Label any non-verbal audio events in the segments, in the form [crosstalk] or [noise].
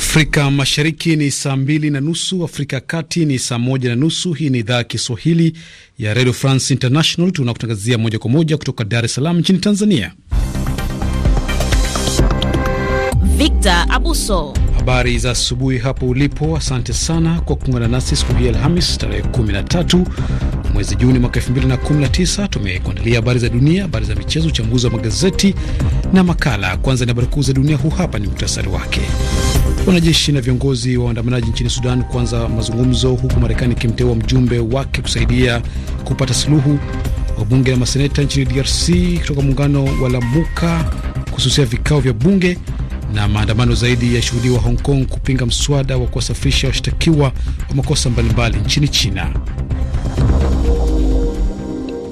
Afrika Mashariki ni saa mbili na nusu, Afrika ya Kati ni saa moja na nusu. Hii ni idhaa ya Kiswahili ya Radio France International, tunakutangazia moja kwa moja kutoka Dar es Salaam nchini Tanzania. Victor Abuso, habari za asubuhi hapo ulipo. Asante sana kwa kuungana nasi siku hii Alhamis tarehe 13 mwezi Juni mwaka 2019. Tumekuandalia habari za dunia, habari za michezo, uchambuzi wa magazeti na makala. Kwanza ni habari kuu za dunia, huu hapa ni muktasari wake. Wanajeshi na viongozi wa waandamanaji nchini Sudan kuanza mazungumzo huku Marekani ikimteua mjumbe wake kusaidia kupata suluhu. Wabunge na maseneta nchini DRC kutoka muungano wa Lamuka kususia vikao vya bunge. Na maandamano zaidi yashuhudiwa Hong Kong kupinga mswada wa kuwasafirisha washtakiwa wa makosa mbalimbali nchini China.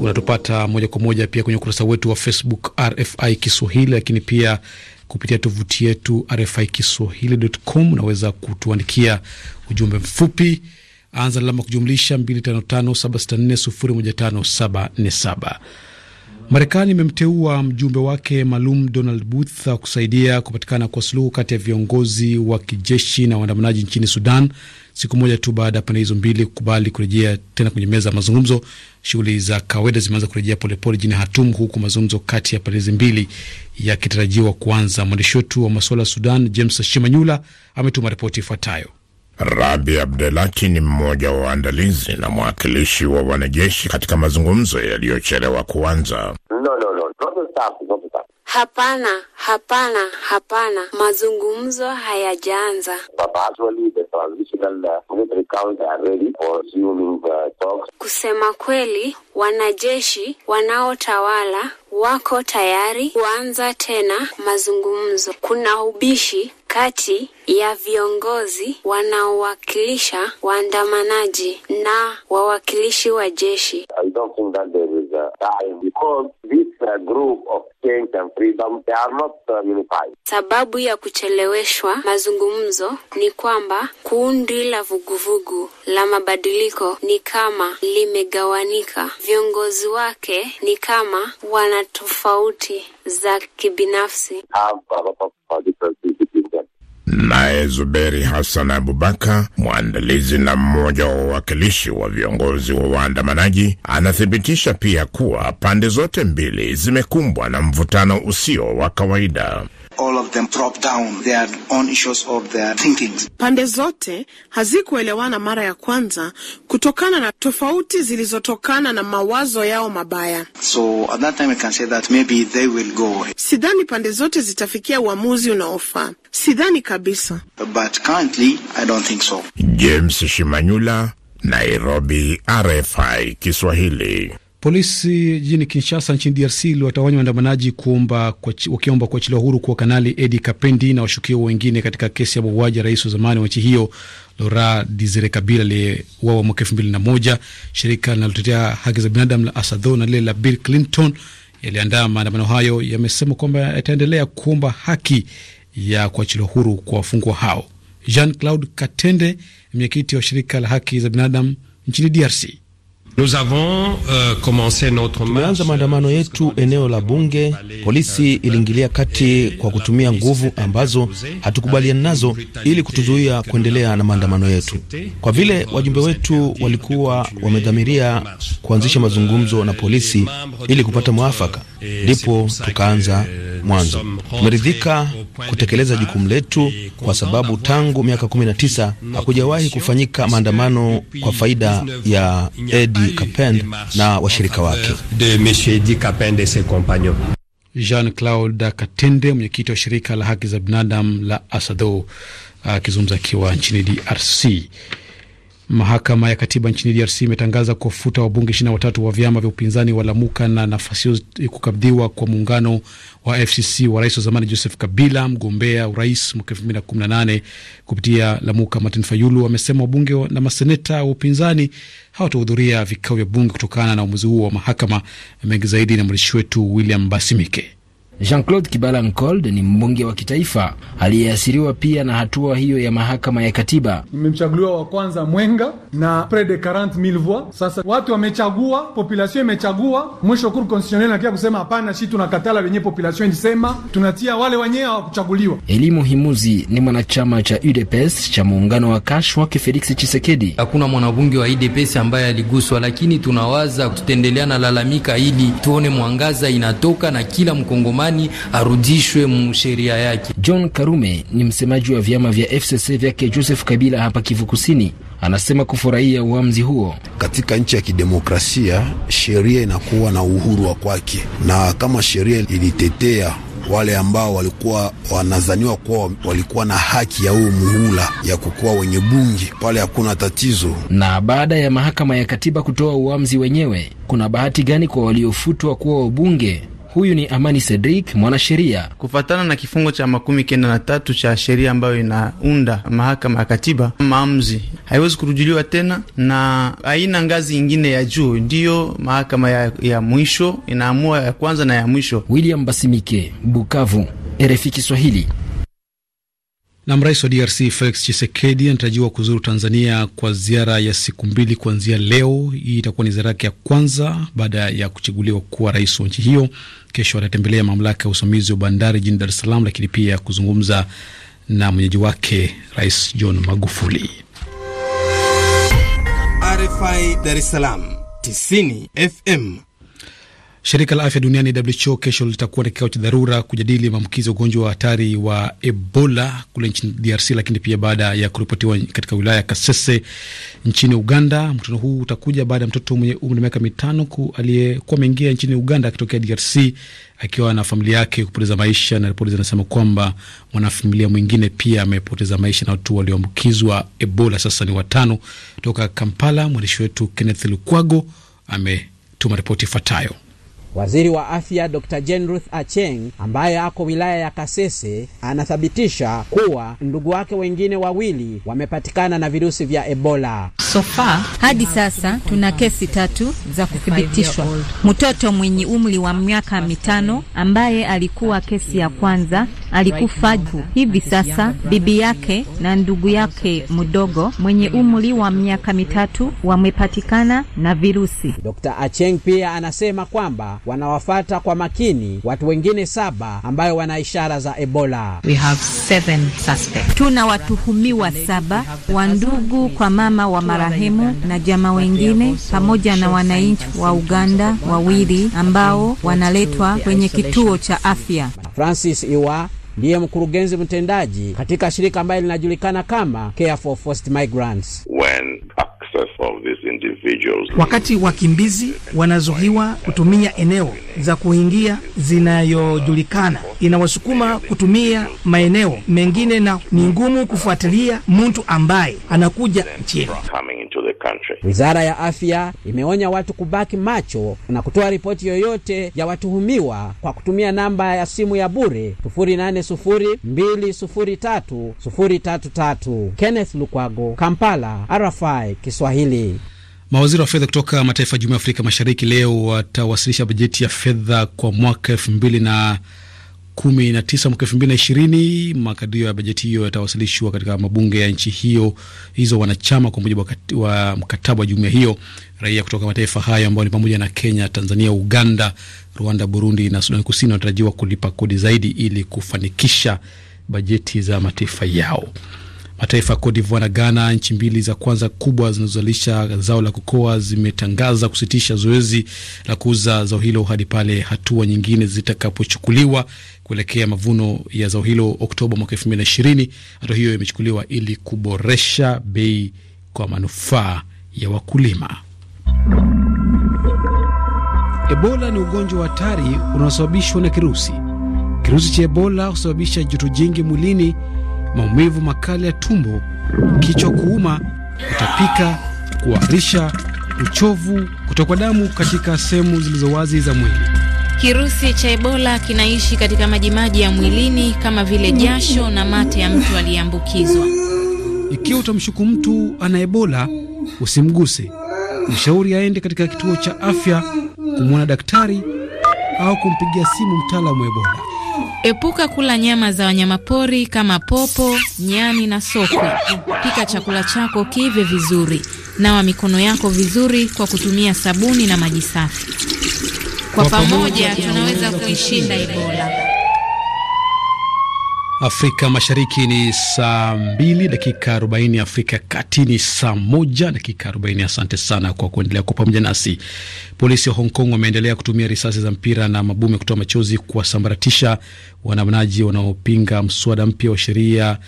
Unatupata moja kwa moja pia kwenye ukurasa wetu wa Facebook RFI Kiswahili, lakini pia kupitia tovuti yetu RFI Kiswahili.com. Unaweza kutuandikia ujumbe mfupi, anza alama kujumlisha 255764015747. Marekani imemteua mjumbe wake maalum Donald Booth kusaidia kupatikana kwa suluhu kati ya viongozi wa kijeshi na waandamanaji nchini Sudan siku moja tu baada ya pande hizo mbili kukubali kurejea tena kwenye meza ya mazungumzo. Shughuli za kawaida zimeanza kurejea polepole jini Hatum, huku mazungumzo kati ya pande hizi mbili yakitarajiwa kuanza. Mwandishi wetu wa masuala ya Sudan James Shimanyula ametuma ripoti ifuatayo. Rabi Abdelaki ni mmoja wa waandalizi na mwakilishi wa wanajeshi katika mazungumzo yaliyochelewa kuanza. no, no, no. Hapana, hapana, hapana, mazungumzo hayajaanza. Uh, uh, Kusema kweli, wanajeshi wanaotawala wako tayari kuanza tena mazungumzo. Kuna ubishi kati ya viongozi wanaowakilisha waandamanaji na wawakilishi wa jeshi group of change and freedom, they are not uh, unified. Sababu ya kucheleweshwa mazungumzo ni kwamba kundi la vuguvugu la mabadiliko ni kama limegawanika, viongozi wake ni kama wana tofauti za kibinafsi have, Naye Zuberi Hassan Abubakar, mwandalizi na mmoja wa wawakilishi wa viongozi wa waandamanaji, anathibitisha pia kuwa pande zote mbili zimekumbwa na mvutano usio wa kawaida all of them drop down their own issues or their thinkings. Pande zote hazikuelewana mara ya kwanza kutokana na tofauti zilizotokana na mawazo yao mabaya. So at that time I can say that maybe they will go. Sidhani pande zote zitafikia uamuzi unaofaa. Sidhani kabisa. But currently I don't think so. James Shimanyula, Nairobi, RFI Kiswahili. Polisi jijini Kinshasa nchini DRC iliwatawanya waandamanaji wakiomba kuachiliwa huru kwa Kanali Edi Kapendi na washukiwa wengine katika kesi ya mauaji ya rais wa zamani wa nchi hiyo Lora Desire Kabila aliyeuawa mwaka elfu mbili na moja. Shirika linalotetea haki za binadamu la ASADHO na lile la Bill Clinton yaliandaa maandamano hayo yamesema kwamba yataendelea kuomba haki ya kuachiliwa huru kwa wafungwa hao. Jean Claude Katende, mwenyekiti wa shirika la haki za binadamu nchini DRC. Euh, Tumeanza maandamano yetu eneo la bunge. Polisi iliingilia kati kwa kutumia nguvu ambazo hatukubaliani nazo ili kutuzuia kuendelea na maandamano yetu. Kwa vile wajumbe wetu walikuwa wamedhamiria kuanzisha mazungumzo na polisi ili kupata mwafaka, ndipo tukaanza mwanzo. Tumeridhika kutekeleza jukumu letu, kwa sababu tangu miaka 19 hakujawahi kufanyika maandamano kwa faida ya Edi Kapend na washirika wake. Jean Claude Katende, mwenyekiti wa shirika la haki za binadamu la asado akizungumza akiwa nchini DRC. Mahakama ya katiba nchini DRC imetangaza kuwafuta wabunge 23 na watatu wa vyama vya upinzani wa Lamuka na nafasi hiyo kukabidhiwa kwa muungano wa FCC wa rais wa zamani Joseph Kabila. Mgombea urais mwaka elfu mbili na kumi na nane kupitia Lamuka, Martin Fayulu amesema wabunge na maseneta wa upinzani hawatahudhuria vikao vya bunge kutokana na uamuzi huo wa mahakama. Mengi zaidi na mwandishi wetu William Basimike. Jean-Claude Kibala Nkold ni mbunge wa kitaifa aliyeasiriwa pia na hatua hiyo ya mahakama ya katiba. Nimemchaguliwa wa kwanza Mwenga na pres de 40000 voix. Sasa watu wamechagua, population imechagua, mwisho Cour constitutionnelle nakia kusema hapana, shi tunakatala wenye population ilisema, tunatia wale wenyewe hawakuchaguliwa. Elimu Himuzi ni mwanachama cha UDPS cha muungano wa Kash wake Felix Chisekedi. Hakuna mwanabunge wa UDPS ambaye aliguswa, lakini tunawaza tutaendelea na lalamika ili tuone mwangaza inatoka na kila mkongomani amani arudishwe mu sheria yake. John Karume ni msemaji wa vyama vya FCC vyake Joseph Kabila hapa Kivu Kusini, anasema kufurahia uamuzi huo. Katika nchi ya kidemokrasia sheria inakuwa na uhuru wa kwake, na kama sheria ilitetea wale ambao walikuwa wanazaniwa kuwa walikuwa na haki ya huo muhula ya kukuwa wenye bunge pale, hakuna tatizo. Na baada ya mahakama ya katiba kutoa uamuzi wenyewe, kuna bahati gani kwa waliofutwa kuwa wabunge? Huyu ni Amani Cedric, mwanasheria. Kufatana na kifungo cha makumi kenda na tatu cha sheria ambayo inaunda mahakama ya katiba, maamuzi haiwezi kurujiliwa tena na haina ngazi ingine ya juu, ndiyo mahakama ya, ya mwisho inaamua ya kwanza na ya mwisho. William Basimike, Bukavu, RFI Kiswahili. Na rais wa DRC Felix chisekedi anatarajiwa kuzuru Tanzania kwa ziara ya siku mbili kuanzia leo. Hii itakuwa ni ziara yake ya kwanza baada ya kuchaguliwa kuwa rais wa nchi hiyo. Kesho atatembelea mamlaka ya usimamizi wa bandari jijini Dar es Salaam, lakini pia kuzungumza na mwenyeji wake Rais John Magufuli. RFI Dar es Salaam 90 FM. Shirika la afya duniani WHO kesho litakuwa na kikao cha dharura kujadili maambukizi ya ugonjwa wa hatari wa Ebola kule nchini DRC, lakini pia baada ya kuripotiwa katika wilaya ya Kasese nchini Uganda. Mkutano huu utakuja baada ya mtoto mwenye umri wa miaka mitano aliyekuwa ameingia nchini Uganda akitokea DRC akiwa na familia yake kupoteza maisha, na ripoti zinasema kwamba mwanafamilia mwingine pia amepoteza maisha na watu walioambukizwa Ebola sasa ni watano. Toka Kampala, mwandishi wetu Kenneth Lukwago ametuma ripoti ifuatayo. Waziri wa afya Dr. Jane Ruth Acheng ambaye ako wilaya ya Kasese anathibitisha kuwa ndugu wake wengine wawili wamepatikana na virusi vya Ebola. So far, hadi sasa tuna kesi tatu za kuthibitishwa. Mtoto mwenye umri wa miaka mitano ambaye alikuwa kesi ya kwanza alikufa. Hivi sasa bibi yake na ndugu yake mdogo mwenye umri wa miaka mitatu wamepatikana na virusi. Dr. Acheng pia anasema kwamba wanawafata kwa makini watu wengine saba ambayo wana ishara za Ebola. We have seven suspects. Tuna watuhumiwa saba wa ndugu kwa mama wa marehemu na jamaa wengine pamoja na wananchi wa Uganda wawili ambao wanaletwa kwenye kituo cha afya. Francis Iwa ndiye mkurugenzi mtendaji katika shirika ambayo linajulikana kama Care for Forced Migrants. When Wakati wakimbizi wanazuiwa kutumia eneo za kuingia zinayojulikana, inawasukuma kutumia maeneo mengine, na ni ngumu kufuatilia mtu ambaye anakuja nchini country. Wizara ya afya imeonya watu kubaki macho na kutoa ripoti yoyote ya watuhumiwa kwa kutumia namba ya simu ya bure 0802030033. Kenneth Lukwago, Kampala, RFI Kiswahili. Mawaziri wa fedha kutoka mataifa ya Jumuiya ya Afrika Mashariki leo watawasilisha bajeti ya fedha kwa mwaka elfu mbili na kumi na tisa mwaka elfu mbili na ishirini. Makadirio ya bajeti hiyo yatawasilishwa katika mabunge ya nchi hiyo hizo wanachama, kwa mujibu wa mkataba wa jumuiya hiyo. Raia kutoka mataifa hayo ambayo ni pamoja na Kenya, Tanzania, Uganda, Rwanda, Burundi na Sudani Kusini wanatarajiwa kulipa kodi zaidi ili kufanikisha bajeti za mataifa yao. Mataifa ya Cote d'Ivoire na Ghana, nchi mbili za kwanza kubwa zinazozalisha zao la kokoa, zimetangaza kusitisha zoezi la kuuza zao hilo hadi pale hatua nyingine zitakapochukuliwa kuelekea mavuno ya zao hilo Oktoba mwaka elfu mbili na ishirini. Hatua hiyo imechukuliwa ili kuboresha bei kwa manufaa ya wakulima. Ebola ni ugonjwa wa hatari unaosababishwa na kirusi. Kirusi cha Ebola husababisha joto jingi mwilini, maumivu makali ya tumbo, kichwa kuuma, kutapika, kuharisha, uchovu, kutokwa damu katika sehemu zilizo wazi za mwili. Kirusi cha Ebola kinaishi katika majimaji ya mwilini kama vile jasho na mate ya mtu aliyeambukizwa. Ikiwa utamshuku mtu ana Ebola, usimguse. Mshauri aende katika kituo cha afya kumwona daktari au kumpigia simu mtaalamu wa Ebola. Epuka kula nyama za wanyamapori kama popo, nyani na sokwe. Pika chakula chako kive vizuri. Nawa mikono yako vizuri kwa kutumia sabuni na maji safi. Kwa pamoja tunaweza kuishinda Ebola. Afrika Mashariki ni saa mbili dakika arobaini, Afrika ya Kati ni saa moja dakika arobaini. Asante sana kwa kuendelea kwa pamoja nasi. Polisi wa Hong Kong wameendelea kutumia risasi za mpira na mabomu ya kutoa machozi kuwasambaratisha waandamanaji wanaopinga mswada mpya wa sheria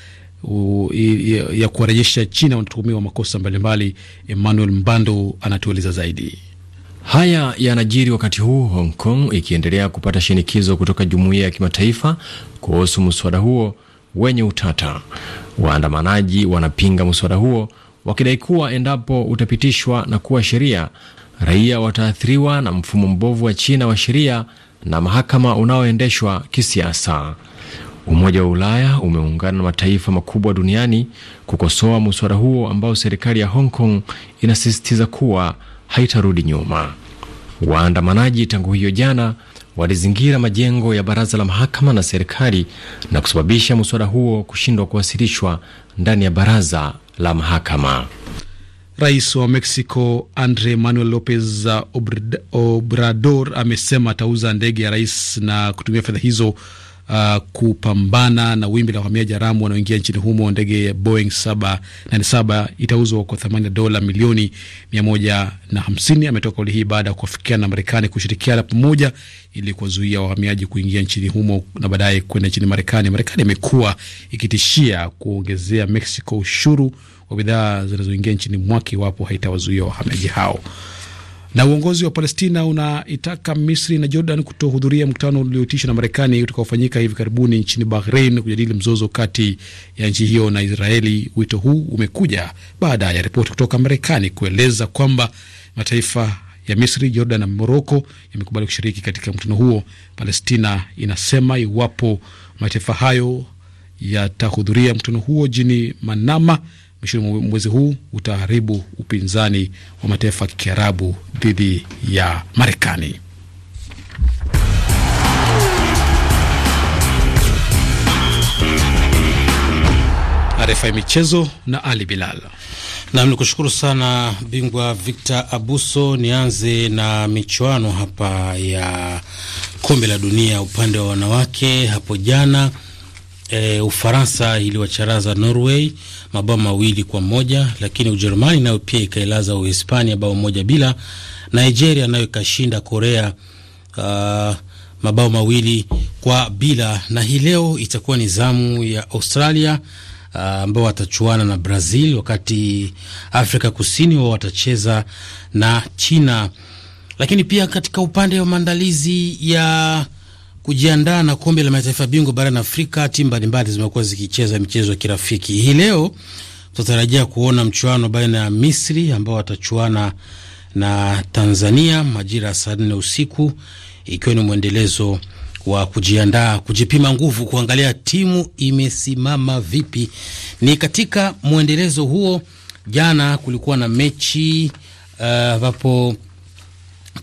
ya kuwarejesha China wanatuhumiwa makosa mbalimbali. Emmanuel Mbando anatueleza zaidi. Haya yanajiri wakati huu Hong Kong ikiendelea kupata shinikizo kutoka jumuiya ya kimataifa kuhusu mswada huo wenye utata. Waandamanaji wanapinga mswada huo wakidai kuwa endapo utapitishwa na kuwa sheria, raia wataathiriwa na mfumo mbovu wa China wa sheria na mahakama unaoendeshwa kisiasa. Umoja wa Ulaya umeungana na mataifa makubwa duniani kukosoa mswada huo ambao serikali ya Hong Kong inasisitiza kuwa haitarudi nyuma. Waandamanaji tangu hiyo jana walizingira majengo ya baraza la mahakama na serikali na kusababisha mswada huo kushindwa kuwasilishwa ndani ya baraza la mahakama. Rais wa Mexico Andre Manuel Lopez Obrador amesema atauza ndege ya rais na kutumia fedha hizo uh, kupambana na wimbi la wahamiaji haramu wanaoingia nchini humo. Ndege ya Boeing 787 itauzwa kwa thamani ya dola milioni 150. Ametoa kauli hii baada ya kuafikiana na Marekani kushirikiana pamoja ili kuwazuia wahamiaji kuingia nchini humo na baadaye kwenda nchini Marekani. Marekani imekuwa ikitishia kuongezea Mexico ushuru wa bidhaa zinazoingia nchini mwake iwapo haitawazuia wahamiaji hao. Na uongozi wa Palestina unaitaka Misri na Jordan kutohudhuria mkutano ulioitishwa na Marekani utakaofanyika hivi karibuni nchini Bahrain kujadili mzozo kati ya nchi hiyo na Israeli. Wito huu umekuja baada ya ripoti kutoka Marekani kueleza kwamba mataifa ya Misri, Jordan na Moroko yamekubali kushiriki katika mkutano huo. Palestina inasema iwapo mataifa hayo yatahudhuria mkutano huo jini Manama, mwishoni mwa mwezi huu utaharibu upinzani wa mataifa ya Kiarabu dhidi ya Marekani. arefa ya michezo na Ali Bilal. Nam, ni kushukuru sana bingwa Victor Abuso. Nianze na michuano hapa ya kombe la dunia upande wa wanawake hapo jana E, Ufaransa iliwacharaza Norway mabao mawili kwa moja, lakini Ujerumani nayo pia ikailaza Uhispania bao moja bila. Nigeria nayo ikashinda Korea uh, mabao mawili kwa bila, na hii leo itakuwa ni zamu ya Australia ah, ambao uh, watachuana na Brazil, wakati Afrika Kusini wao watacheza na China. Lakini pia katika upande wa maandalizi ya Kujiandaa na kombe la mataifa bingwa barani Afrika, timu mbalimbali zimekuwa zikicheza michezo ya kirafiki. Hii leo tutatarajia kuona mchuano baina ya Misri ambao watachuana na Tanzania majira ya saa nne usiku, ikiwa ni mwendelezo wa kujiandaa, kujipima nguvu, kuangalia timu imesimama vipi. Ni katika mwendelezo huo, jana kulikuwa na mechi eh, ambapo uh,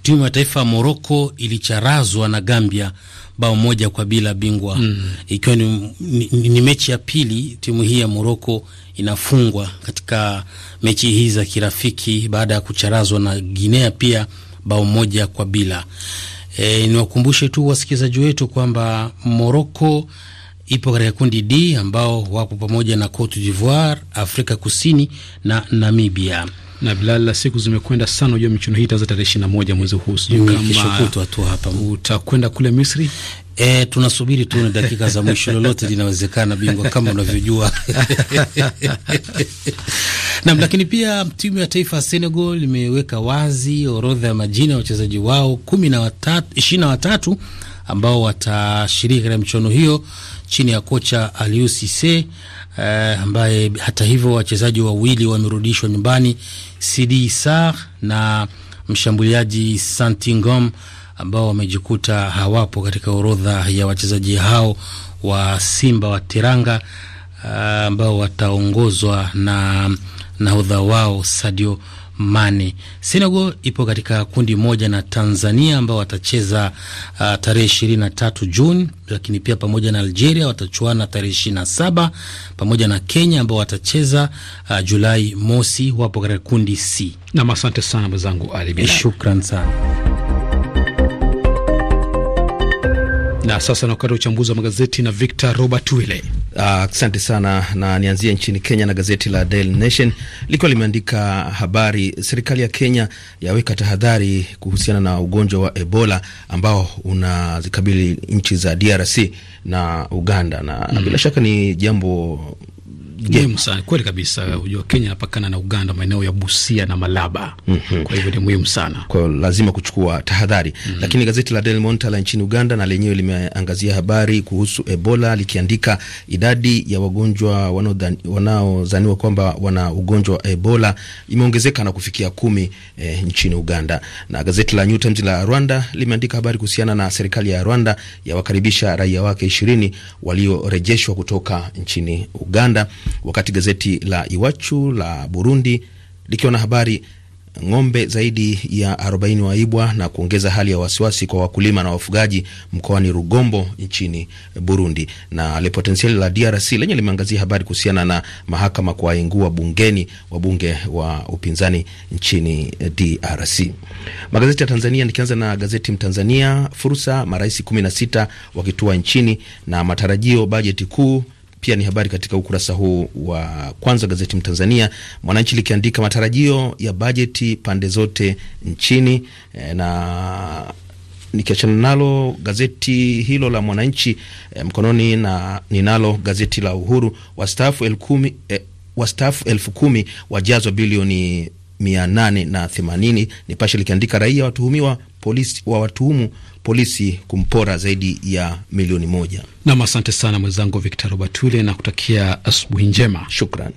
timu ya taifa ya Moroko ilicharazwa na Gambia bao moja kwa bila bingwa mm. Ikiwa ni, ni, ni mechi ya pili timu hii ya Moroko inafungwa katika mechi hii za kirafiki baada ya kucharazwa na Guinea pia bao moja kwa bila. E, niwakumbushe tu wasikilizaji wetu kwamba Moroko ipo katika kundi D ambao wapo pamoja na Cote d'Ivoire, Afrika Kusini na Namibia na bilala siku zimekwenda sana. Unajua michuano hii itaanza tarehe ishirini na moja mwezi huu, sijui kama utakwenda kule Misri. E, tunasubiri tuone dakika za mwisho, lolote linawezekana, bingwa kama unavyojua [laughs] nam. Lakini pia timu ya taifa ya Senegal imeweka wazi orodha ya majina ya wachezaji wao kumi na watatu, ishirini na watatu ambao watashiriki katika michuano hiyo chini ya kocha Aliou Cisse Eh, ambaye hata hivyo wachezaji wawili wamerudishwa nyumbani, Sidi Sar na mshambuliaji Santingom ambao wamejikuta hawapo katika orodha ya wachezaji hao wa Simba wa Teranga eh, ambao wataongozwa na nahodha wao Sadio Mane. Senegal ipo katika kundi moja na Tanzania ambao watacheza uh, tarehe ishirini na tatu Juni, lakini pia pamoja na Algeria watachuana tarehe ishirini na saba pamoja na Kenya ambao watacheza uh, Julai mosi. Wapo katika kundi C. Nam, asante sana mwenzangu Ali, shukran sana na sasa na wakati wa uchambuzi wa magazeti na Victor Robert wille Ah, asante uh, sana na nianzie nchini Kenya na gazeti la Daily Nation likiwa limeandika habari, serikali ya Kenya yaweka tahadhari kuhusiana na ugonjwa wa Ebola ambao unazikabili nchi za DRC na Uganda na mm bila shaka ni jambo muhimu sana kweli kabisa. Hujua Kenya inapakana na Uganda, maeneo ya Busia na Malaba. mm -hmm. Kwa hivyo ni muhimu sana, kwa hiyo lazima kuchukua tahadhari. mm -hmm. Lakini gazeti la Daily Monitor la nchini Uganda na lenyewe limeangazia habari kuhusu Ebola likiandika idadi ya wagonjwa wanaozaniwa kwamba wana ugonjwa wa Ebola imeongezeka na kufikia kumi eh, nchini Uganda. Na gazeti la New Times la Rwanda limeandika habari kuhusiana na serikali ya Rwanda yawakaribisha raia wake ishirini waliorejeshwa kutoka nchini Uganda wakati gazeti la Iwachu la Burundi likiwa na habari ng'ombe zaidi ya 40 waibwa na kuongeza hali ya wasiwasi kwa wakulima na wafugaji mkoani Rugombo nchini Burundi. Na Le Potentiel la DRC lenye limeangazia habari kuhusiana na mahakama kuwaingua bungeni wabunge wa upinzani nchini DRC. Magazeti ya Tanzania, nikianza na gazeti Mtanzania, fursa marais 16 wakitua nchini na matarajio bajeti kuu pia ni habari katika ukurasa huu wa kwanza gazeti Mtanzania. Mwananchi likiandika matarajio ya bajeti pande zote nchini e, na nikiachana nalo gazeti hilo la Mwananchi e, mkononi na ninalo gazeti la Uhuru, wastaafu elfu kumi e, wastaafu elfu kumi wajazwa bilioni mia nane na themanini. Nipashe likiandika raia watuhumiwa polisi wa watuhumu polisi kumpora zaidi ya milioni moja. Nam, asante sana mwenzangu Victor Robatule na kutakia asubuhi njema. Shukran.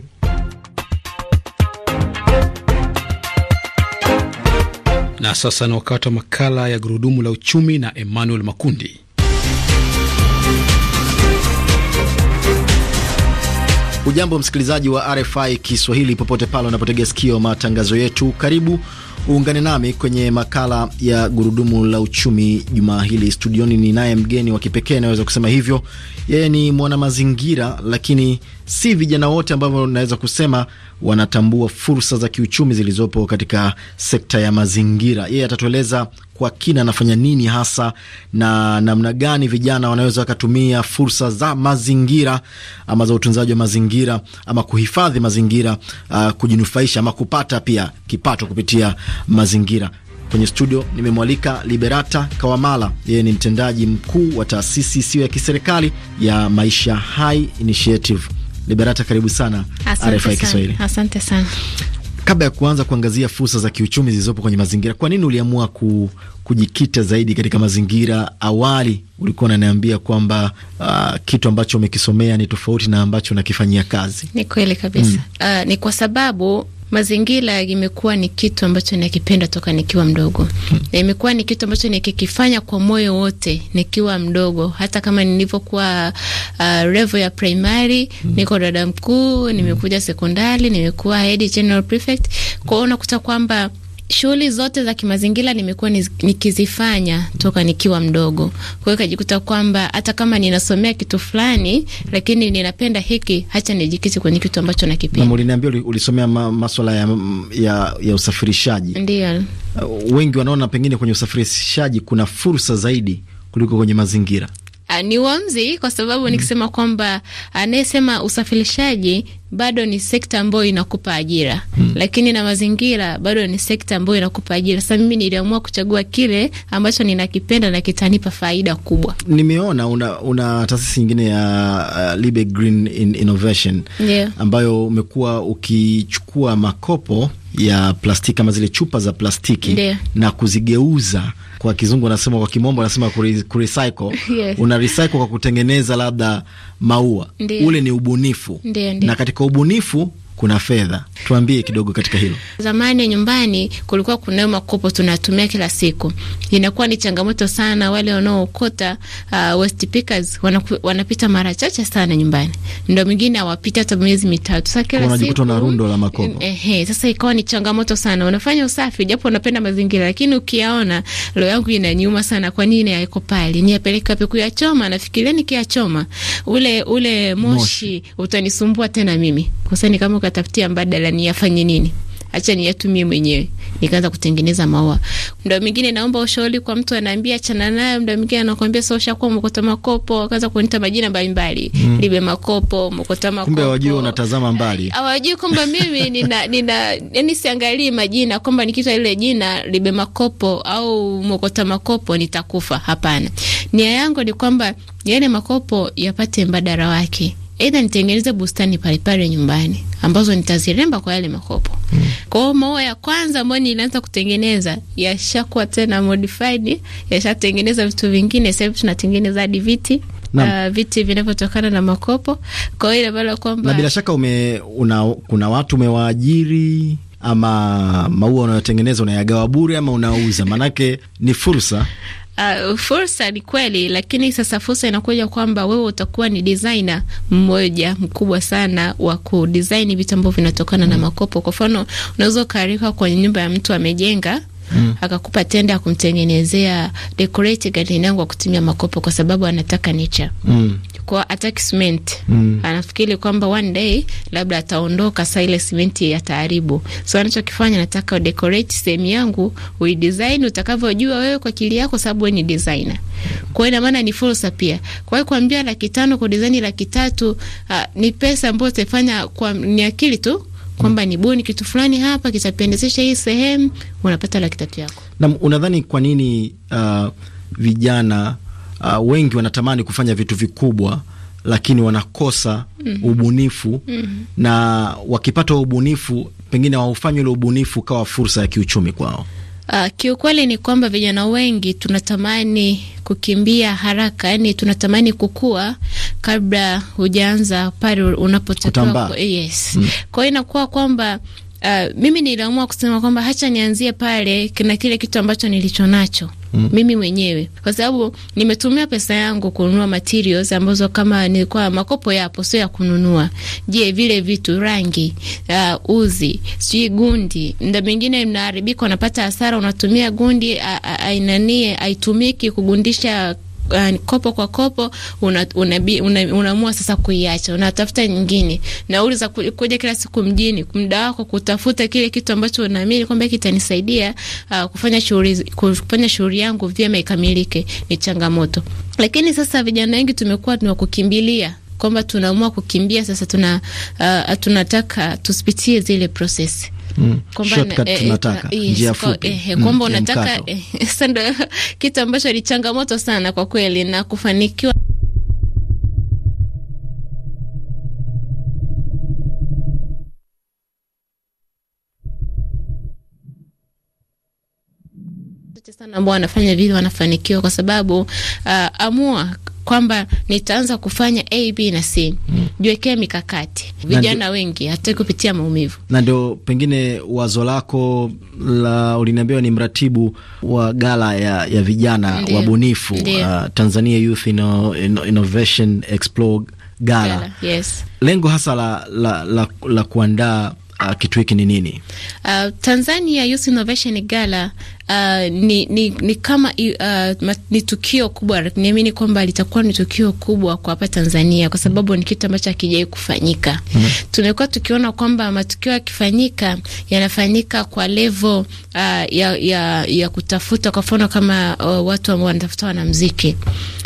Na sasa ni wakati wa makala ya gurudumu la uchumi na Emmanuel Makundi. Ujambo msikilizaji wa RFI Kiswahili, popote pale unapotegea sikio matangazo yetu, karibu Uungane nami kwenye makala ya gurudumu la uchumi jumaa hili. Studioni ni naye mgeni wa kipekee, naweza kusema hivyo. Yeye ni mwanamazingira lakini si vijana wote ambavyo naweza kusema wanatambua fursa za kiuchumi zilizopo katika sekta ya mazingira. Yeye atatueleza kwa kina anafanya nini hasa na namna gani vijana wanaweza wakatumia fursa za mazingira ama za utunzaji wa mazingira ama kuhifadhi mazingira, uh, kujinufaisha ama kupata pia kipato kupitia mazingira. Kwenye studio nimemwalika Liberata Kawamala, yeye ni mtendaji mkuu wa taasisi isiyo ya kiserikali ya Maisha Hai Initiative. Liberata, karibu sana RFI Kiswahili. Asante sana. Kabla ya kuanza kuangazia fursa za kiuchumi zilizopo kwenye mazingira, kwa nini uliamua ku, kujikita zaidi katika mazingira? Awali ulikuwa unaniambia kwamba uh, kitu ambacho umekisomea ni tofauti na ambacho unakifanyia kazi. Ni kweli kabisa. Mm. Uh, ni kwa sababu mazingira imekuwa ni kitu ambacho nakipenda toka nikiwa mdogo na hmm. imekuwa ni kitu ambacho nikikifanya kwa moyo wote nikiwa mdogo, hata kama nilivyokuwa uh, level ya primary hmm. niko dada mkuu, nimekuja sekondari, nimekuwa head general prefect, kwa hiyo unakuta kwamba shughuli zote za kimazingira nimekuwa nikizifanya toka nikiwa mdogo. Kwa hiyo kajikuta kwamba hata kama ninasomea kitu fulani, lakini ninapenda hiki, hacha nijikite kwenye kitu ambacho nakipenda. Na uliniambia ulisomea ma, maswala ya, ya, ya usafirishaji. Ndio uh, wengi wanaona pengine kwenye usafirishaji kuna fursa zaidi kuliko kwenye mazingira uh, ni wamzi kwa sababu mm, nikisema kwamba anayesema usafirishaji bado ni sekta ambayo inakupa ajira mm, lakini na mazingira bado ni sekta ambayo inakupa ajira. Sasa mimi niliamua kuchagua kile ambacho ninakipenda na kitanipa faida kubwa. Nimeona una, una taasisi nyingine ya uh, Libe Green in Innovation yeah, ambayo umekuwa ukichukua makopo ya plastiki ama zile chupa za plastiki Ndea. na kuzigeuza kwa kizungu wanasema, kwa kimombo wanasema kure, kurecycle yes. Una recycle kwa kutengeneza labda maua. Ndiyo. Ule ni ubunifu. Ndiyo, ndiyo. Na katika ubunifu kuna fedha. Tuambie kidogo katika hilo. Zamani nyumbani kulikuwa kunayo makopo tunatumia kila siku, inakuwa ni changamoto sana. Wale wanaookota uh, waste pickers wanapita mara chache sana nyumbani, ndo mwingine awapita hata miezi mitatu. Sasa kila siku na rundo la makopo ehe. Eh, sasa ikawa ni changamoto sana. Unafanya usafi japo unapenda mazingira, lakini ukiyaona lo yangu inaniuma sana. Kwa nini hayako pale? Ni yapeleka pe kuyachoma, nafikiria nikiyachoma ule ule moshi, moshi utanisumbua tena mimi sasa kama ukatafutia mbadala ni yafanye nini? Acha niyatumie mwenyewe. Nikaanza kutengeneza maua. Mda mwingine naomba ushauri kwa mtu anaambia achana nayo, mda mwingine anakwambia sasa ushakuwa mkota makopo, akaanza kuniita majina mbalimbali. Mm. Libe makopo, mkota makopo. Kumbe hawajui unatazama mbali. [laughs] Hawajui kwamba mimi nina nina yani siangalii majina kwamba nikiita ile jina libe makopo au mkota makopo nitakufa. Hapana. Nia yangu ni kwamba yale makopo yapate mbadala wake aidha nitengeneze bustani palepale nyumbani ambazo nitaziremba kwa yale makopo. Mm. Kwa hiyo maua ya kwanza ambayo nilianza kutengeneza yashakuwa tena modified, yashatengeneza vitu vingine. Sasa tunatengeneza hadi viti na, uh, viti vinavyotokana na makopo. Kwa hiyo ile bado kwamba, na bila shaka ume, una, kuna watu umewaajiri ama maua unayotengeneza unayagawa bure ama unauza, manake ni fursa uh, fursa ni kweli, lakini sasa fursa inakuja kwamba wewe utakuwa ni designer mmoja mkubwa sana wa kudesign vitu ambavyo vinatokana mm. na makopo. Kwa mfano, unaweza ukaarika kwenye nyumba ya mtu amejenga Hmm. Akakupa tenda ya kumtengenezea decorate garden yangu kwa kutumia makopo, kwa sababu anataka nicha Hmm kwa mm. Anafikiri kwamba one day labda ataondoka, sasa ile cement yataharibu. So anachokifanya nataka sehemu yangu, uidesign utakavyojua wewe kwa akili yako, sababu wewe ni designer. Kwa hiyo ina maana ni fursa pia. Kwa hiyo kuambia laki tano kwa design laki tatu uh, ni pesa ambayo kwa ni akili tu kwamba ni buni kitu fulani hapa kitapendezesha hii sehemu, unapata laki tatu yako. Na unadhani kwa nini uh, vijana uh, wengi wanatamani kufanya vitu vikubwa lakini wanakosa mm -hmm. ubunifu mm -hmm. na wakipata ubunifu pengine waufanyi ule ubunifu kawa fursa ya kiuchumi kwao. Uh, kiukweli ni kwamba vijana wengi tunatamani kukimbia haraka, yani tunatamani kukua kabla hujaanza pale unapotakiwa. Yes. Mm. Kwa hiyo inakuwa kwamba uh, mimi niliamua kusema kwamba hacha nianzie pale kina kile kitu ambacho nilichonacho Mm. Mimi mwenyewe kwa sababu nimetumia pesa yangu kununua materials ambazo kama nilikuwa makopo yapo sio ya kununua. Je, vile vitu rangi, uh, uzi, sijui gundi, ndo mingine mnaharibika, unapata hasara, unatumia gundi ainanie aitumiki kugundisha uh, kopo kwa kopo unaamua una, una, sasa kuiacha, unatafuta nyingine. Nauli za kuja kila siku mjini, muda wako kutafuta kile kitu ambacho unaamini kwamba kitanisaidia uh, kufanya shughuli kufanya shughuli yangu vyema ikamilike, ni changamoto. Lakini sasa vijana wengi tumekuwa wakukimbilia kwamba tunaamua kukimbia sasa, tuna uh, tunataka tusipitie zile prosesi Eh, eh, eh, mm. tunataka njia fupi kwamba mm, [laughs] [laughs] kitu ambacho ni changamoto sana kwa kweli na kufanikiwa sana ambao wanafanya vile wanafanikiwa, kwa sababu uh, amua kwamba nitaanza kufanya A, B na C mm. Jiwekee mikakati. Vijana wengi hataki kupitia maumivu, na ndio pengine wazo lako la uliniambiwa ni mratibu wa gala ya, ya vijana Ndiyo. wabunifu uh, Tanzania Youth Inno, Inno, Innovation Explore Gala, gala yes. Lengo hasa la, la, la, la kuandaa Uh, kitu hiki ni nini? Uh, Tanzania Youth Innovation Gala uh, ni, ni, ni kama uh, ni tukio kubwa, niamini kwamba litakuwa ni tukio kubwa kwa hapa Tanzania kwa sababu ni kitu ambacho hakijai kufanyika. mm -hmm. Tumekuwa tukiona kwamba matukio yakifanyika yanafanyika kwa levo uh, ya, ya, ya kutafuta kwa mfano kama uh, watu ambao wanatafuta wanamziki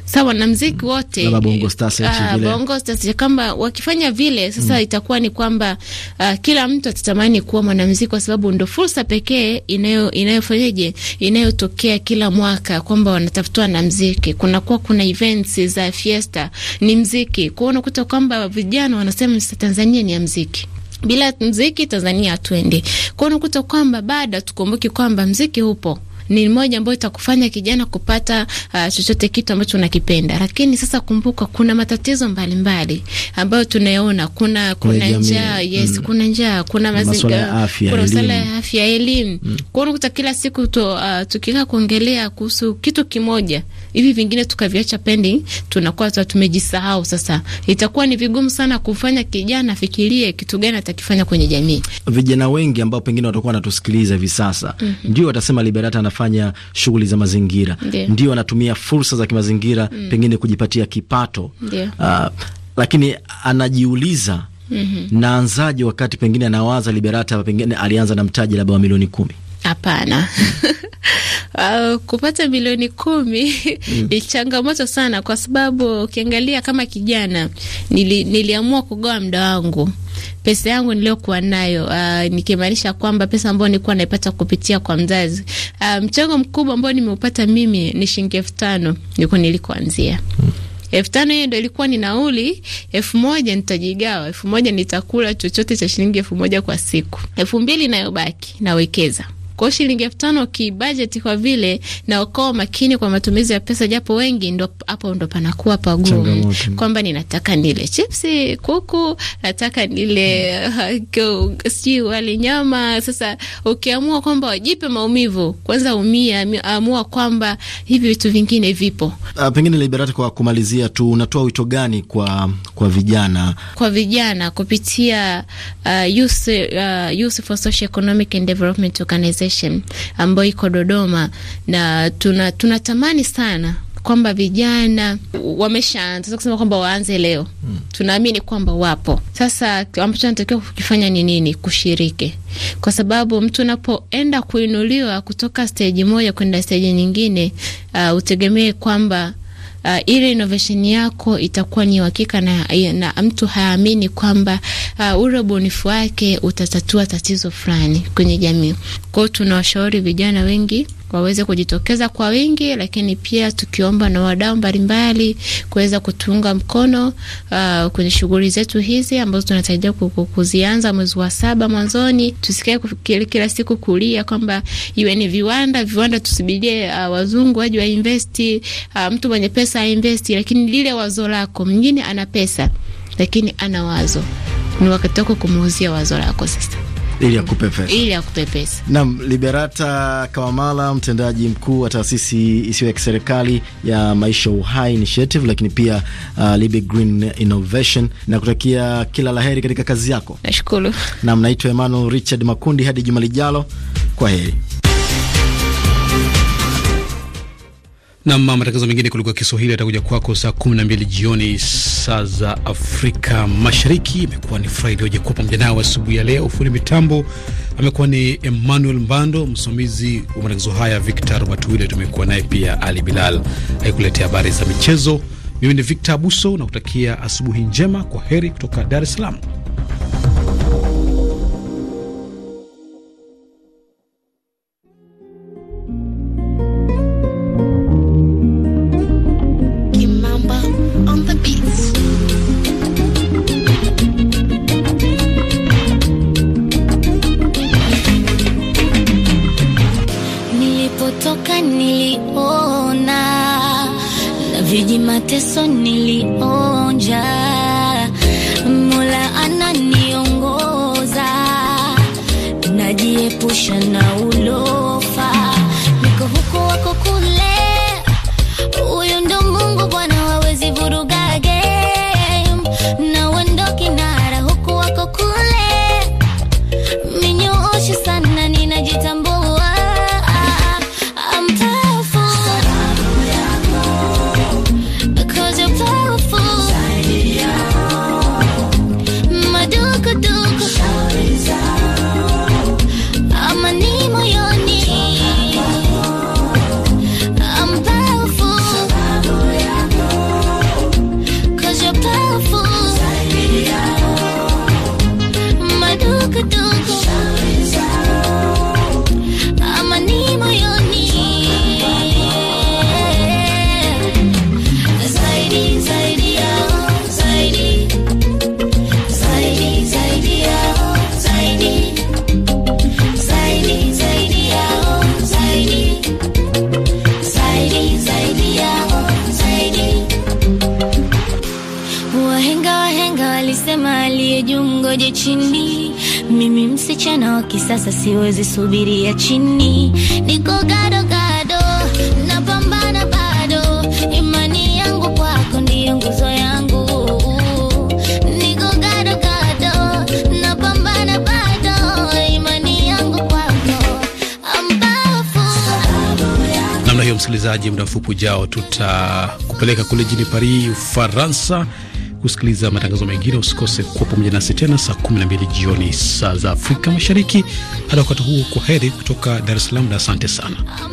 sawa na mziki wote na Bongo Stars uh, Bongo Stars kama wakifanya vile sasa, mm. itakuwa ni kwamba uh, kila mtu atatamani kuwa mwanamziki kwa sababu ndo fursa pekee inayo inayofanyaje inayotokea kila mwaka kwamba wanatafutwa na mziki. Kuna kwa kuna events za fiesta ni mziki, kwao unakuta kwamba vijana wanasema Tanzania ni ya mziki bila mziki Tanzania hatuendi. Kwa unakuta kwamba baada tukumbuki kwamba mziki upo ni moja ambayo itakufanya kijana kupata uh, chochote kitu ambacho unakipenda. Lakini sasa kumbuka, kuna matatizo mbalimbali ambayo tunayaona, kuna kuna njaa, yes, mm. kuna njaa, kuna mazingira, kuna masuala ya afya, elimu. Mm. Kwa unakuta kila siku to, uh, tukika kuongelea kuhusu kitu kimoja, hivi vingine tukaviacha pending, tunakuwa tu tumejisahau. Sasa itakuwa ni vigumu sana kufanya kijana afikirie kitu gani atakifanya kwenye jamii. Vijana wengi ambao pengine watakuwa wanatusikiliza hivi sasa, mm -hmm. ndio watasema Liberata na wanafanya shughuli za mazingira Ndiyo. Ndio anatumia fursa za kimazingira mm. pengine kujipatia kipato uh, lakini anajiuliza mm -hmm. naanzaje wakati pengine anawaza Liberata pengine alianza na mtaji labda wa milioni kumi Hapana. [laughs] Uh, kupata milioni kumi mm. ni mm. changamoto sana, kwa sababu ukiangalia kama kijana nili, niliamua kugawa muda wangu pesa yangu niliyokuwa nayo uh, nikimaanisha kwamba pesa ambayo nilikuwa naipata kupitia kwa mzazi uh, mchango mkubwa ambao nimeupata mimi ni shilingi elfu tano ndiko nilikoanzia mm. Elfu tano hiyo ndo ilikuwa ni nauli. Elfu moja nitajigawa, elfu moja nitakula chochote cha shilingi elfu moja kwa siku, elfu mbili nayobaki nawekeza kwa shilingi elfu tano kibajeti, kwa vile naokoa makini kwa matumizi ya pesa, japo wengi ndo hapo ndo panakuwa pagumu, kwamba ninataka nile chipsi kuku, nataka nile mm, [laughs] sijui wali nyama. Sasa ukiamua kwamba wajipe maumivu, kwanza umia, amua kwamba hivi vitu vingine vipo. Uh, pengine Liberata, kwa kumalizia tu, unatoa wito gani kwa kwa vijana kwa vijana kupitia uh, Youth, uh, Youth for Socio and Development Organization Organization ambayo iko Dodoma, na tuna tunatamani sana kwamba vijana wameshaanza sasa kusema kwamba waanze leo hmm. Tunaamini kwamba wapo sasa. Ambacho natakiwa kukifanya ni nini? Kushiriki, kwa sababu mtu unapoenda kuinuliwa kutoka steji moja kwenda steji nyingine, uh, utegemee kwamba uh, ile innovation yako itakuwa ni uhakika na, na mtu haamini kwamba uh, ule ubunifu wake utatatua tatizo fulani kwenye jamii. Kwao tunawashauri vijana wengi waweze kujitokeza kwa wingi, lakini pia tukiomba na wadau mbalimbali kuweza kutuunga mkono uh, kwenye shughuli zetu hizi ambazo tunatarajia kuzianza mwezi wa saba mwanzoni. Tusikae kila kila siku kulia kwamba iwe ni viwanda viwanda, tusubirie uh, wazungu waje wainvesti, uh, mtu mwenye pesa ainvesti, lakini lile wazo lako, mwingine ana pesa lakini ana wazo, ni wakati wako kumuuzia wazo lako sasa ili akupe pesa, ili akupe pesa. Naam, Liberata Kawamala, mtendaji mkuu wa taasisi isiyo ya kiserikali ya Maisha Uhai Initiative, lakini pia uh, Libe Green Innovation, na kutakia kila laheri katika kazi yako. Nashukuru. Naam, naitwa Emmanuel Richard Makundi, hadi juma lijalo, kwa heri. Na matangazo mengine kwa lugha ya Kiswahili yatakuja kwako saa 12 jioni saa za Afrika Mashariki. Imekuwa ni furaha kuwa pamoja nao asubuhi ya leo. Ufundi mitambo amekuwa ni Emmanuel Mbando, msimamizi wa matangazo haya Victor Matuile, tumekuwa naye pia Ali Bilal aikuletea habari za michezo. Mimi ni Victor Abuso nakutakia asubuhi njema. Kwa heri kutoka Dar es Salaam. kisasa, siwezi subiria chini, niko gado gado, napambana bado, imani yangu kwako ndiyo nguzo yangu. namna hiyo Msikilizaji, muda mfupi ujao tutakupeleka kule jini Paris, Ufaransa kusikiliza matangazo mengine, usikose kuwa pamoja nasi tena saa 12 jioni saa za Afrika Mashariki. Hadi wakati huo, kwa heri kutoka Dar es Salaam na asante sana.